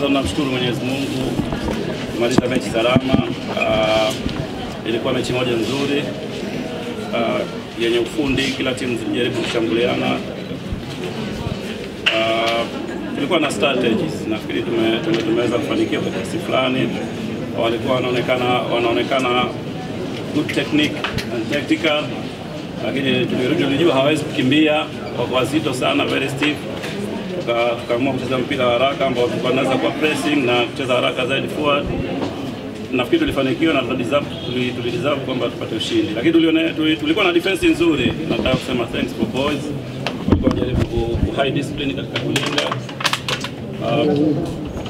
kwanza tunamshukuru Mwenyezi Mungu kumaliza mechi salama. Uh, ilikuwa mechi moja nzuri uh, yenye ufundi, kila timu zilijaribu kushambuliana. Uh, tulikuwa na strategies, nafikiri tumeweza tume, tume kufanikiwa kwa kiasi fulani. Walikuwa wanaonekana wanaonekana good technique and tactical, lakini tulijua hawezi kukimbia, wazito sana, very stiff tukaamua kucheza mpira wa haraka ambao tulikuwa tunaanza kwa pressing na kucheza haraka zaidi forward. Nafikiri tulifanikiwa na tulideserve kwamba tupate ushindi, lakini tulikuwa na defense nzuri. Nataka kusema thanks for boys, walikuwa wanajaribu ku high discipline katika kulinda, ah,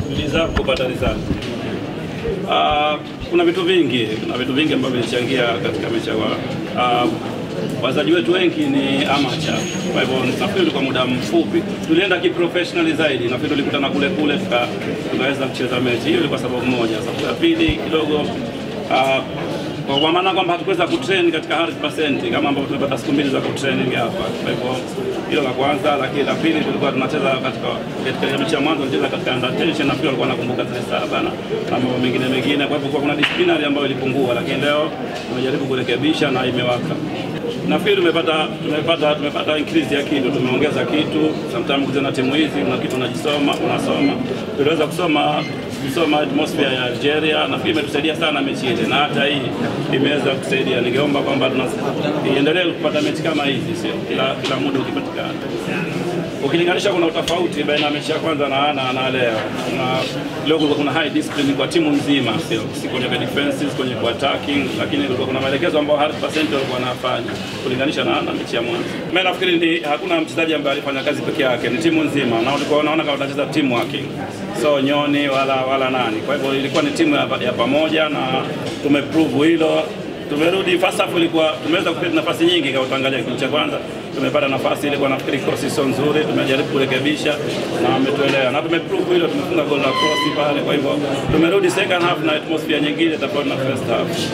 tulideserve kupata result. Ah, kuna vitu vingi, kuna vitu vingi ambavyo vilichangia katika mechi ya ah, wazaji wetu wengi ni amateur, kwa hivyo nafikiri kwa muda mfupi tulienda kiprofessional zaidi. Nafikiri tulikutana kule kule tukaweza kucheza mechi hiyo, kwa sababu moja. Sababu ya pili kidogo uh, kwa, kwa maana kwamba hatukuweza kutrain katika hard percent kama ambavyo tumepata siku mbili za kutraining hapa. Kwa hivyo hilo la kwanza, lakini la pili tulikuwa tunacheza katika katika mechi ya mwanzo tunacheza katika under tension, na pia walikuwa nakumbuka zile saa bana na mambo mengine mengine. Kwa hivyo kuna disciplinary ambayo ilipungua, lakini leo tumejaribu kurekebisha na imewaka. Nafikiri tumepata tumepata tumepata increase ya kitu, tumeongeza kitu. Sometimes kuna timu hizi kuna kitu unajisoma, unasoma, tuliweza kusoma tulisoma atmosphere ya Algeria, nafikiri imetusaidia sana mechi ile, na hata hii imeweza kutusaidia. Ningeomba kwamba tunaendelee kupata mechi kama hizi, sio kila, kila muda ukipatikana. Ukilinganisha kuna utofauti baina ya mechi ya kwanza na, ana na leo na, leo kulikuwa kuna high discipline kwa timu nzima, sio si kwenye kwa defenses, kwenye kwa attacking, lakini kulikuwa kuna maelekezo ambayo hard percent walikuwa wanafanya kulinganisha na, na mechi ya mwanzo. Mimi nafikiri ni hakuna mchezaji ambaye alifanya kazi peke yake, ni timu nzima, na ulikuwa unaona kama tunacheza team working so nyoni wala wala nani. Kwa hivyo ilikuwa ni timu ya, ya pamoja na tumeprove hilo. Tumerudi first half ilikuwa tumeweza kupata nafasi nyingi, kama tuangalia kipindi cha kwanza tumepata nafasi ile, kwa nafikiri cross sio nzuri, tumejaribu kurekebisha na ametuelewa na tumeprove hilo, tumefunga goal la cross pale. Kwa hivyo tumerudi second half na atmosphere nyingine tofauti na first half.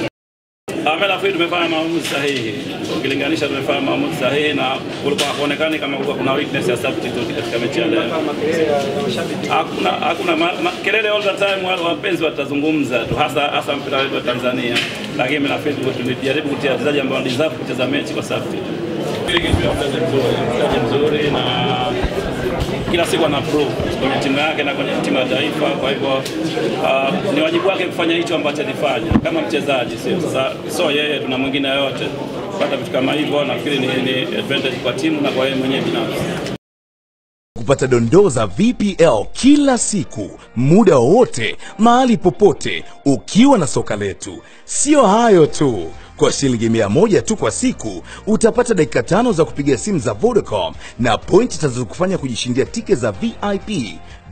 Tunaomba nafikiri tumefanya maamuzi sahihi, ukilinganisha tumefanya maamuzi sahihi, na kulikuwa hakuonekani kama kulikuwa kuna weakness ya substitute katika mechi ya leo. Hakuna hakuna kelele all the time, wale wapenzi watazungumza tu, hasa hasa mpira wetu wa Tanzania, lakini mimi nafikiri tulijaribu kutia wachezaji ambao deserve kucheza mechi kwa substitute. Mchezaji mzuri na kila siku ana prove kwenye timu yake na kwenye timu ya taifa. Kwa hivyo uh, ni wajibu wake kufanya hicho ambacho alifanya kama mchezaji, sio sasa, so yeye tuna mwingine yoyote kupata vitu kama hivyo. Nafikiri ni, ni advantage kwa timu na kwa yeye mwenyewe binafsi kupata dondoo za VPL kila siku, muda wowote, mahali popote, ukiwa na soka letu. Sio hayo tu kwa shilingi mia moja tu kwa siku utapata dakika tano za kupiga simu za Vodacom na pointi tazokufanya kujishindia tike za VIP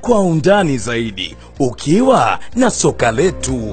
kwa undani zaidi ukiwa na soka letu.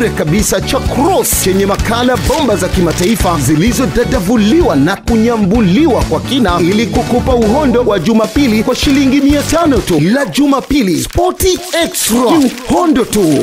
bure kabisa cha Cross chenye makala bomba za kimataifa zilizodadavuliwa na kunyambuliwa kwa kina ili kukupa uhondo wa Jumapili kwa shilingi 500 tu. La Jumapili, Sporty extra, kiuhondo tu.